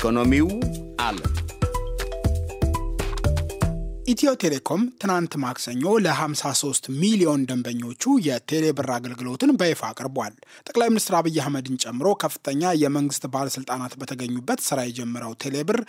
ኢኮኖሚው አለ። ኢትዮ ቴሌኮም ትናንት ማክሰኞ ለ53 ሚሊዮን ደንበኞቹ የቴሌብር አገልግሎትን በይፋ አቅርቧል። ጠቅላይ ሚኒስትር አብይ አህመድን ጨምሮ ከፍተኛ የመንግስት ባለስልጣናት በተገኙበት ስራ የጀመረው ቴሌብር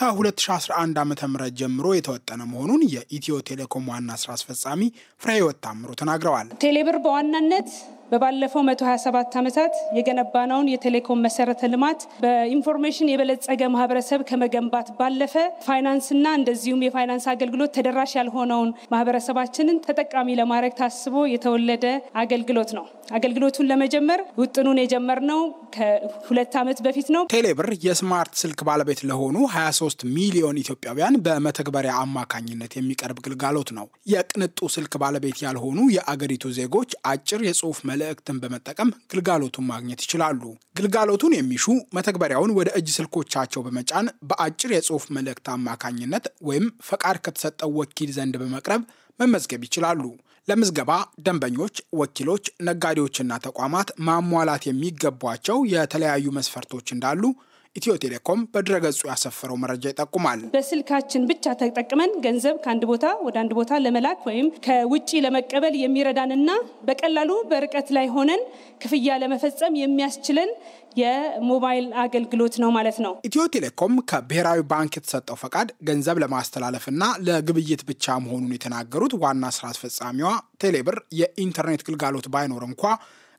ከ2011 ዓ ም ጀምሮ የተወጠነ መሆኑን የኢትዮ ቴሌኮም ዋና ስራ አስፈጻሚ ፍሬህይወት ታምሩ ተናግረዋል። ቴሌብር በዋናነት በባለፈው 127 ዓመታት የገነባነውን የቴሌኮም መሰረተ ልማት በኢንፎርሜሽን የበለጸገ ማህበረሰብ ከመገንባት ባለፈ ፋይናንስና እንደዚሁም የፋይናንስ አገልግሎት ተደራሽ ያልሆነውን ማህበረሰባችንን ተጠቃሚ ለማድረግ ታስቦ የተወለደ አገልግሎት ነው። አገልግሎቱን ለመጀመር ውጥኑን የጀመርነው ከሁለት ዓመት በፊት ነው። ቴሌብር የስማርት ስልክ ባለቤት ለሆኑ 23 ሚሊዮን ኢትዮጵያውያን በመተግበሪያ አማካኝነት የሚቀርብ ግልጋሎት ነው። የቅንጡ ስልክ ባለቤት ያልሆኑ የአገሪቱ ዜጎች አጭር የጽሁፍ መልእክትን በመጠቀም ግልጋሎቱን ማግኘት ይችላሉ። ግልጋሎቱን የሚሹ መተግበሪያውን ወደ እጅ ስልኮቻቸው በመጫን በአጭር የጽሑፍ መልእክት አማካኝነት ወይም ፈቃድ ከተሰጠው ወኪል ዘንድ በመቅረብ መመዝገብ ይችላሉ። ለምዝገባ ደንበኞች፣ ወኪሎች፣ ነጋዴዎችና ተቋማት ማሟላት የሚገቧቸው የተለያዩ መስፈርቶች እንዳሉ ኢትዮ ቴሌኮም በድረገጹ ያሰፈረው መረጃ ይጠቁማል። በስልካችን ብቻ ተጠቅመን ገንዘብ ከአንድ ቦታ ወደ አንድ ቦታ ለመላክ ወይም ከውጭ ለመቀበል የሚረዳንና በቀላሉ በርቀት ላይ ሆነን ክፍያ ለመፈጸም የሚያስችለን የሞባይል አገልግሎት ነው ማለት ነው። ኢትዮ ቴሌኮም ከብሔራዊ ባንክ የተሰጠው ፈቃድ ገንዘብ ለማስተላለፍና ለግብይት ብቻ መሆኑን የተናገሩት ዋና ስራ አስፈጻሚዋ ቴሌብር የኢንተርኔት ግልጋሎት ባይኖር እንኳ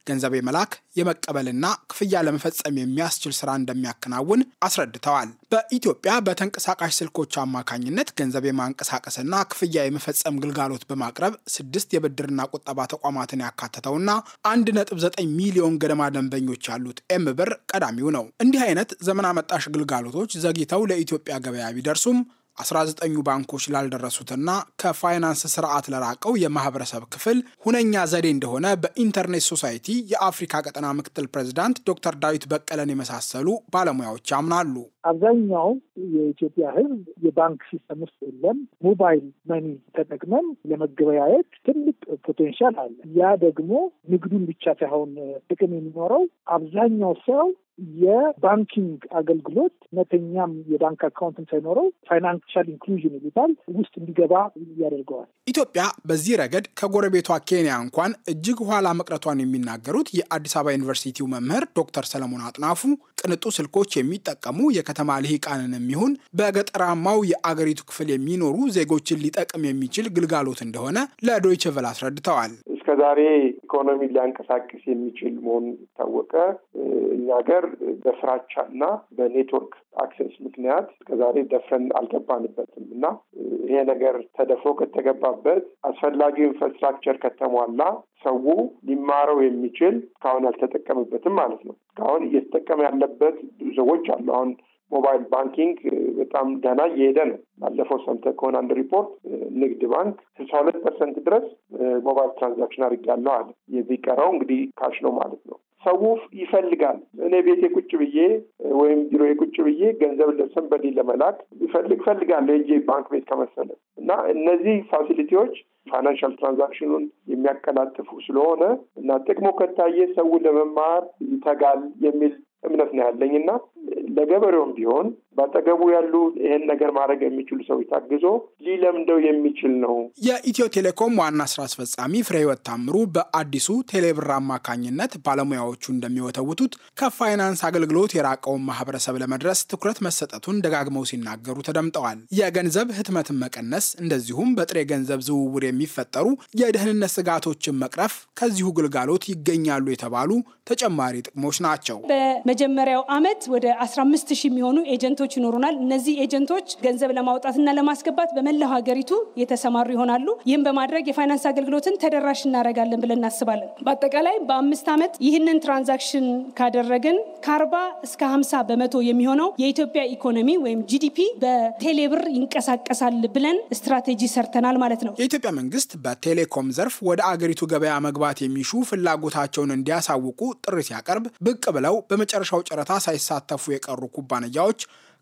ገንዘብ የመላክ የመቀበልና ክፍያ ለመፈጸም የሚያስችል ስራ እንደሚያከናውን አስረድተዋል። በኢትዮጵያ በተንቀሳቃሽ ስልኮች አማካኝነት ገንዘብ የማንቀሳቀስና ክፍያ የመፈጸም ግልጋሎት በማቅረብ ስድስት የብድርና ቁጠባ ተቋማትን ያካተተውና 1.9 ሚሊዮን ገደማ ደንበኞች ያሉት ኤም ብር ቀዳሚው ነው። እንዲህ አይነት ዘመን አመጣሽ ግልጋሎቶች ዘግይተው ለኢትዮጵያ ገበያ ቢደርሱም 19ኙ ባንኮች ላልደረሱትና ከፋይናንስ ስርዓት ለራቀው የማህበረሰብ ክፍል ሁነኛ ዘዴ እንደሆነ በኢንተርኔት ሶሳይቲ የአፍሪካ ቀጠና ምክትል ፕሬዚዳንት ዶክተር ዳዊት በቀለን የመሳሰሉ ባለሙያዎች ያምናሉ። አብዛኛው የኢትዮጵያ ሕዝብ የባንክ ሲስተም ውስጥ የለም። ሞባይል መኒ ተጠቅመን ለመገበያየት ትልቅ ፖቴንሻል አለ። ያ ደግሞ ንግዱን ብቻ ሳይሆን ጥቅም የሚኖረው አብዛኛው ሰው የባንኪንግ አገልግሎት መተኛም የባንክ አካውንትም ሳይኖረው ፋይናንሻል ኢንክሉዥን የሚባል ውስጥ እንዲገባ ያደርገዋል። ኢትዮጵያ በዚህ ረገድ ከጎረቤቷ ኬንያ እንኳን እጅግ ኋላ መቅረቷን የሚናገሩት የአዲስ አበባ ዩኒቨርሲቲው መምህር ዶክተር ሰለሞን አጥናፉ ቅንጡ ስልኮች የሚጠቀሙ የከተማ ልሂቃንን የሚሆን በገጠራማው የአገሪቱ ክፍል የሚኖሩ ዜጎችን ሊጠቅም የሚችል ግልጋሎት እንደሆነ ለዶይቸ ቬለ አስረድተዋል። ዛሬ ኢኮኖሚ ሊያንቀሳቅስ የሚችል መሆኑ ይታወቀ። እኛ ሀገር በፍራቻ እና በኔትወርክ አክሴስ ምክንያት ዛሬ ደፍረን አልገባንበትም እና ይሄ ነገር ተደፍሮ ከተገባበት አስፈላጊው ኢንፍራስትራክቸር ከተሟላ ሰው ሊማረው የሚችል እስካሁን አልተጠቀምበትም ማለት ነው። እስካሁን እየተጠቀመ ያለበት ብዙ ሰዎች አሉ። አሁን ሞባይል ባንኪንግ በጣም ደህና እየሄደ ነው። ባለፈው ሰምተህ ከሆነ አንድ ሪፖርት ንግድ ባንክ ስልሳ ሁለት ፐርሰንት ድረስ ሞባይል ትራንዛክሽን አድርጌያለሁ አለ። የሚቀረው እንግዲህ ካሽ ነው ማለት ነው። ሰው ይፈልጋል። እኔ ቤቴ ቁጭ ብዬ ወይም ቢሮ ቁጭ ብዬ ገንዘብ ለሰንበዴ ለመላክ ይፈልግ ፈልጋለሁ እንጂ ባንክ ቤት ከመሰለ እና እነዚህ ፋሲሊቲዎች ፋይናንሻል ትራንዛክሽኑን የሚያቀላጥፉ ስለሆነ እና ጥቅሙ ከታየ ሰው ለመማር ይተጋል የሚል እምነት ነው ያለኝ እና ለገበሬውም ቢሆን በአጠገቡ ያሉ ይህን ነገር ማድረግ የሚችሉ ሰዎች ታግዞ ሊለምደው የሚችል ነው። የኢትዮ ቴሌኮም ዋና ስራ አስፈጻሚ ፍሬ ህይወት ታምሩ በአዲሱ ቴሌብር አማካኝነት ባለሙያዎቹ እንደሚወተውቱት ከፋይናንስ አገልግሎት የራቀውን ማህበረሰብ ለመድረስ ትኩረት መሰጠቱን ደጋግመው ሲናገሩ ተደምጠዋል። የገንዘብ ህትመትን መቀነስ፣ እንደዚሁም በጥሬ ገንዘብ ዝውውር የሚፈጠሩ የደህንነት ስጋቶችን መቅረፍ ከዚሁ ግልጋሎት ይገኛሉ የተባሉ ተጨማሪ ጥቅሞች ናቸው። በመጀመሪያው አመት ወደ አስራ ሺህ የሚሆኑ ኤጀንቶች ይኖሩናል። እነዚህ ኤጀንቶች ገንዘብ ለማውጣትና ለማስገባት በመላው ሀገሪቱ የተሰማሩ ይሆናሉ። ይህም በማድረግ የፋይናንስ አገልግሎትን ተደራሽ እናደርጋለን ብለን እናስባለን። በአጠቃላይ በአምስት ዓመት ይህንን ትራንዛክሽን ካደረግን ከአርባ እስከ ሀምሳ በመቶ የሚሆነው የኢትዮጵያ ኢኮኖሚ ወይም ጂዲፒ በቴሌብር ይንቀሳቀሳል ብለን ስትራቴጂ ሰርተናል ማለት ነው። የኢትዮጵያ መንግስት በቴሌኮም ዘርፍ ወደ አገሪቱ ገበያ መግባት የሚሹ ፍላጎታቸውን እንዲያሳውቁ ጥሪ ሲያቀርብ ብቅ ብለው በመጨረሻው ጨረታ ሳይሳተፉ ሳይሳተፉ የቀሩ ኩባንያዎች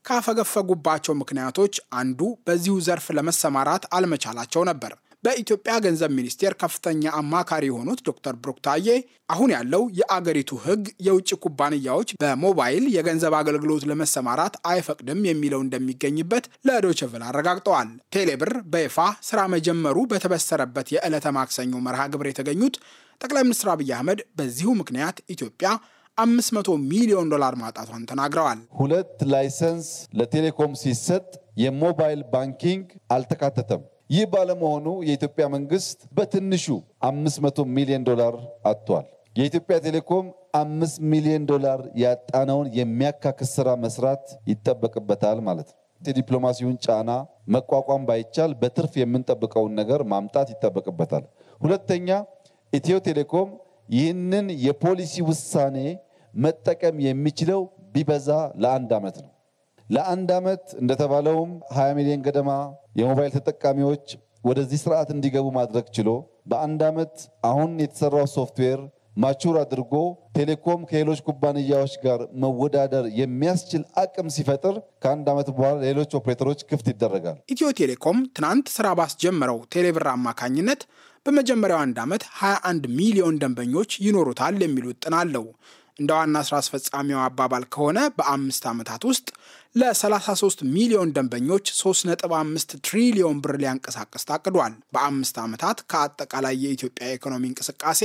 ካፈገፈጉባቸው ምክንያቶች አንዱ በዚሁ ዘርፍ ለመሰማራት አልመቻላቸው ነበር። በኢትዮጵያ ገንዘብ ሚኒስቴር ከፍተኛ አማካሪ የሆኑት ዶክተር ብሩክ ታዬ አሁን ያለው የአገሪቱ ሕግ የውጭ ኩባንያዎች በሞባይል የገንዘብ አገልግሎት ለመሰማራት አይፈቅድም የሚለው እንደሚገኝበት ለዶችቭል አረጋግጠዋል። ቴሌብር በይፋ ስራ መጀመሩ በተበሰረበት የዕለተ ማክሰኞ መርሃ ግብር የተገኙት ጠቅላይ ሚኒስትር አብይ አህመድ በዚሁ ምክንያት ኢትዮጵያ 500 ሚሊዮን ዶላር ማጣቷን ተናግረዋል። ሁለት ላይሰንስ ለቴሌኮም ሲሰጥ የሞባይል ባንኪንግ አልተካተተም። ይህ ባለመሆኑ የኢትዮጵያ መንግስት በትንሹ 500 ሚሊዮን ዶላር አጥቷል። የኢትዮጵያ ቴሌኮም አምስት ሚሊዮን ዶላር ያጣነውን የሚያካክስ ስራ መስራት ይጠበቅበታል ማለት ነው። የዲፕሎማሲውን ጫና መቋቋም ባይቻል በትርፍ የምንጠብቀውን ነገር ማምጣት ይጠበቅበታል። ሁለተኛ ኢትዮ ቴሌኮም ይህንን የፖሊሲ ውሳኔ መጠቀም የሚችለው ቢበዛ ለአንድ ዓመት ነው። ለአንድ ዓመት እንደተባለውም 20 ሚሊዮን ገደማ የሞባይል ተጠቃሚዎች ወደዚህ ስርዓት እንዲገቡ ማድረግ ችሎ በአንድ ዓመት አሁን የተሰራው ሶፍትዌር ማቹር አድርጎ ቴሌኮም ከሌሎች ኩባንያዎች ጋር መወዳደር የሚያስችል አቅም ሲፈጥር ከአንድ ዓመት በኋላ ሌሎች ኦፕሬተሮች ክፍት ይደረጋል። ኢትዮ ቴሌኮም ትናንት ስራ ባስጀመረው ቴሌብር አማካኝነት በመጀመሪያው አንድ ዓመት 21 ሚሊዮን ደንበኞች ይኖሩታል የሚሉት ጥናት አለው። እንደ ዋና ስራ አስፈጻሚው አባባል ከሆነ በአምስት ዓመታት ውስጥ ለ33 ሚሊዮን ደንበኞች 3.5 ትሪሊዮን ብር ሊያንቀሳቅስ ታቅዷል። በአምስት ዓመታት ከአጠቃላይ የኢትዮጵያ የኢኮኖሚ እንቅስቃሴ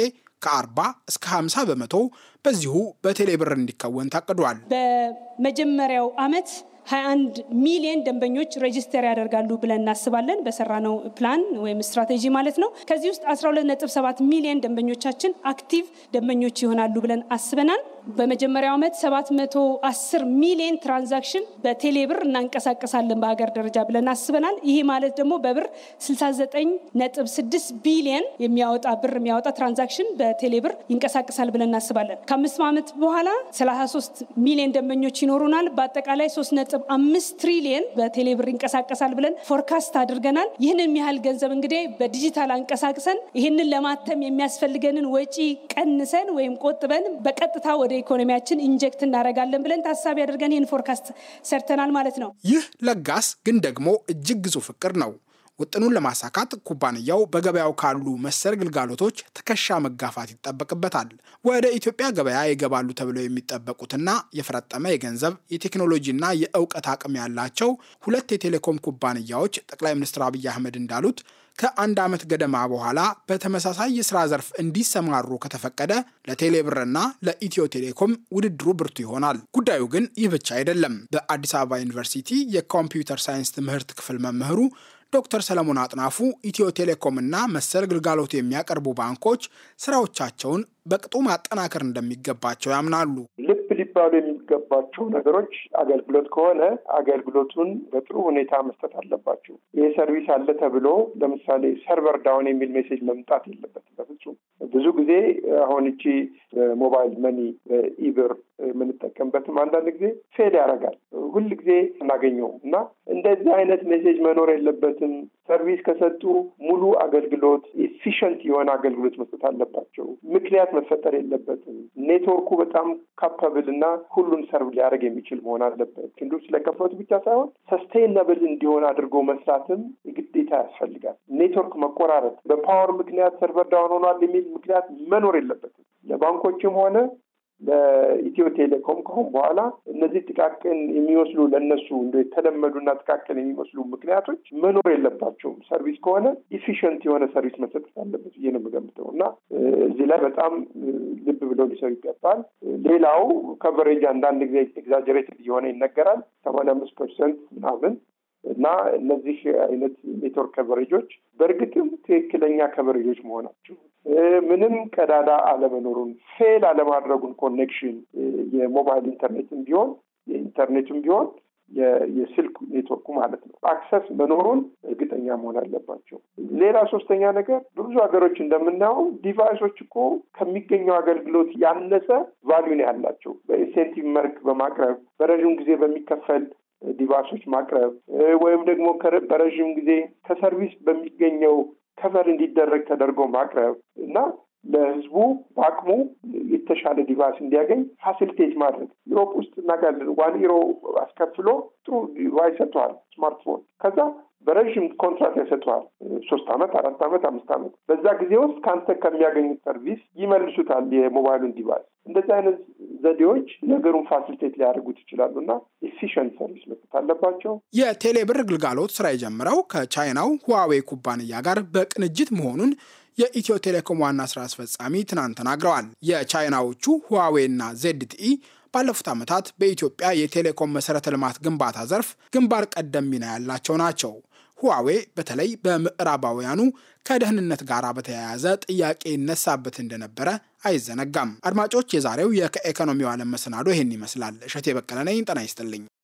ከ40 እስከ 50 በመቶ በዚሁ በቴሌብር እንዲከወን ታቅዷል። በመጀመሪያው ዓመት 21 ሚሊየን ደንበኞች ሬጅስተር ያደርጋሉ ብለን እናስባለን። በሰራነው ፕላን ወይም ስትራቴጂ ማለት ነው። ከዚህ ውስጥ 12.7 ሚሊየን ደንበኞቻችን አክቲቭ ደንበኞች ይሆናሉ ብለን አስበናል። በመጀመሪያው ዓመት 710 ሚሊዮን ትራንዛክሽን በቴሌ ብር እናንቀሳቀሳለን በሀገር ደረጃ ብለን አስበናል። ይሄ ማለት ደግሞ በብር 69.6 ቢሊዮን የሚያወጣ ብር የሚያወጣ ትራንዛክሽን በቴሌ ብር ይንቀሳቀሳል ብለን እናስባለን። ከአምስት ዓመት በኋላ 33 ሚሊዮን ደንበኞች ይኖሩናል። በአጠቃላይ 3.5 ትሪሊየን በቴሌ ብር ይንቀሳቀሳል ብለን ፎርካስት አድርገናል። ይህንን ያህል ገንዘብ እንግዲህ በዲጂታል አንቀሳቅሰን ይህንን ለማተም የሚያስፈልገንን ወጪ ቀንሰን ወይም ቆጥበን በቀጥታ ወደ ወደ ኢኮኖሚያችን ኢንጀክት እናደርጋለን ብለን ታሳቢ አድርገን ይህን ፎርካስት ሰርተናል ማለት ነው። ይህ ለጋስ ግን ደግሞ እጅግ ግዙፍ እቅድ ነው። ውጥኑን ለማሳካት ኩባንያው በገበያው ካሉ መሰል ግልጋሎቶች ትከሻ መጋፋት ይጠበቅበታል። ወደ ኢትዮጵያ ገበያ ይገባሉ ተብለው የሚጠበቁትና የፈረጠመ የገንዘብ የቴክኖሎጂና የእውቀት አቅም ያላቸው ሁለት የቴሌኮም ኩባንያዎች ጠቅላይ ሚኒስትር አብይ አህመድ እንዳሉት ከአንድ ዓመት ገደማ በኋላ በተመሳሳይ የስራ ዘርፍ እንዲሰማሩ ከተፈቀደ ለቴሌብርና ለኢትዮ ቴሌኮም ውድድሩ ብርቱ ይሆናል። ጉዳዩ ግን ይህ ብቻ አይደለም። በአዲስ አበባ ዩኒቨርሲቲ የኮምፒውተር ሳይንስ ትምህርት ክፍል መምህሩ ዶክተር ሰለሞን አጥናፉ ኢትዮ ቴሌኮም እና መሰል ግልጋሎት የሚያቀርቡ ባንኮች ስራዎቻቸውን በቅጡ ማጠናከር እንደሚገባቸው ያምናሉ። ልብ ሊባሉ የሚገባቸው ነገሮች አገልግሎት ከሆነ አገልግሎቱን በጥሩ ሁኔታ መስጠት አለባቸው። ይህ ሰርቪስ አለ ተብሎ ለምሳሌ ሰርቨር ዳውን የሚል ሜሴጅ መምጣት የለበትም በፍጹም። ብዙ ጊዜ አሁን እቺ ሞባይል መኒ ኢብር የምንጠቀምበትም አንዳንድ ጊዜ ፌል ያደርጋል። ሁል ጊዜ እናገኘውም እና እንደዚህ አይነት ሜሴጅ መኖር የለበትም። ሰርቪስ ከሰጡ ሙሉ አገልግሎት ኤፊሽንት የሆነ አገልግሎት መስጠት አለባቸው ምክንያት መፈጠር የለበትም። ኔትወርኩ በጣም ካፓብል እና ሁሉን ሰርቭ ሊያደርግ የሚችል መሆን አለበት። ክንዱን ስለከፈቱ ብቻ ሳይሆን ሰስቴይናብል እንዲሆን አድርጎ መስራትም ግዴታ ያስፈልጋል። ኔትወርክ መቆራረጥ በፓወር ምክንያት ሰርቨር ዳውን ሆኗል የሚል ምክንያት መኖር የለበትም። ለባንኮችም ሆነ በኢትዮ ቴሌኮም ከሆን በኋላ እነዚህ ጥቃቅን የሚመስሉ ለእነሱ እንደ የተለመዱና ጥቃቅን የሚመስሉ ምክንያቶች መኖር የለባቸውም። ሰርቪስ ከሆነ ኢፊሽንት የሆነ ሰርቪስ መሰጠት አለበት ብዬ ነው የምገምተው እና እዚህ ላይ በጣም ልብ ብለው ሊሰሩ ይገባል። ሌላው ከቨሬጅ አንዳንድ ጊዜ ኤግዛጀሬትድ እየሆነ ይነገራል። ሰማንያ አምስት ፐርሰንት ምናምን እና እነዚህ አይነት ኔትወርክ ከቨሬጆች በእርግጥም ትክክለኛ ከቨሬጆች መሆናቸው ምንም ቀዳዳ አለመኖሩን፣ ፌል አለማድረጉን ኮኔክሽን የሞባይል ኢንተርኔትም ቢሆን የኢንተርኔትም ቢሆን የስልክ ኔትወርኩ ማለት ነው አክሰስ መኖሩን እርግጠኛ መሆን አለባቸው። ሌላ ሶስተኛ ነገር በብዙ ሀገሮች እንደምናየው ዲቫይሶች እኮ ከሚገኘው አገልግሎት ያነሰ ቫሊዩ ነው ያላቸው። በኢንሴንቲቭ መርክ በማቅረብ በረዥም ጊዜ በሚከፈል ዲቫይሶች ማቅረብ ወይም ደግሞ በረዥም ጊዜ ከሰርቪስ በሚገኘው ከቨር እንዲደረግ ተደርጎ ማቅረብ እና ለህዝቡ በአቅሙ የተሻለ ዲቫይስ እንዲያገኝ ፋሲሊቴት ማድረግ። ዩሮፕ ውስጥ እናውቃለን፣ ዋን ዩሮ አስከፍሎ ጥሩ ዲቫይስ ሰጥተዋል፣ ስማርትፎን ከዛ በረዥም ኮንትራት ያሰጥተዋል። ሶስት አመት፣ አራት አመት፣ አምስት አመት በዛ ጊዜ ውስጥ ከአንተ ከሚያገኙት ሰርቪስ ይመልሱታል የሞባይሉን ዲቫይስ። እንደዚህ አይነት ዘዴዎች ነገሩን ፋሲሊቴት ሊያደርጉት ይችላሉ እና ኤፊሽንት ሰርቪስ መስጠት አለባቸው። የቴሌብር ግልጋሎት ስራ የጀመረው ከቻይናው ሁዋዌ ኩባንያ ጋር በቅንጅት መሆኑን የኢትዮ ቴሌኮም ዋና ስራ አስፈጻሚ ትናንት ተናግረዋል። የቻይናዎቹ እና ዜድቲኢ ባለፉት ዓመታት በኢትዮጵያ የቴሌኮም መሠረተ ልማት ግንባታ ዘርፍ ግንባር ቀደም ሚና ያላቸው ናቸው። ሁዋዌ በተለይ በምዕራባውያኑ ከደህንነት ጋር በተያያዘ ጥያቄ ይነሳበት እንደነበረ አይዘነጋም። አድማጮች፣ የዛሬው የከኢኮኖሚው ዓለም መሰናዶ ይህን ይመስላል። እሸቴ በቀለ ነኝ። ጤና ይስጥልኝ።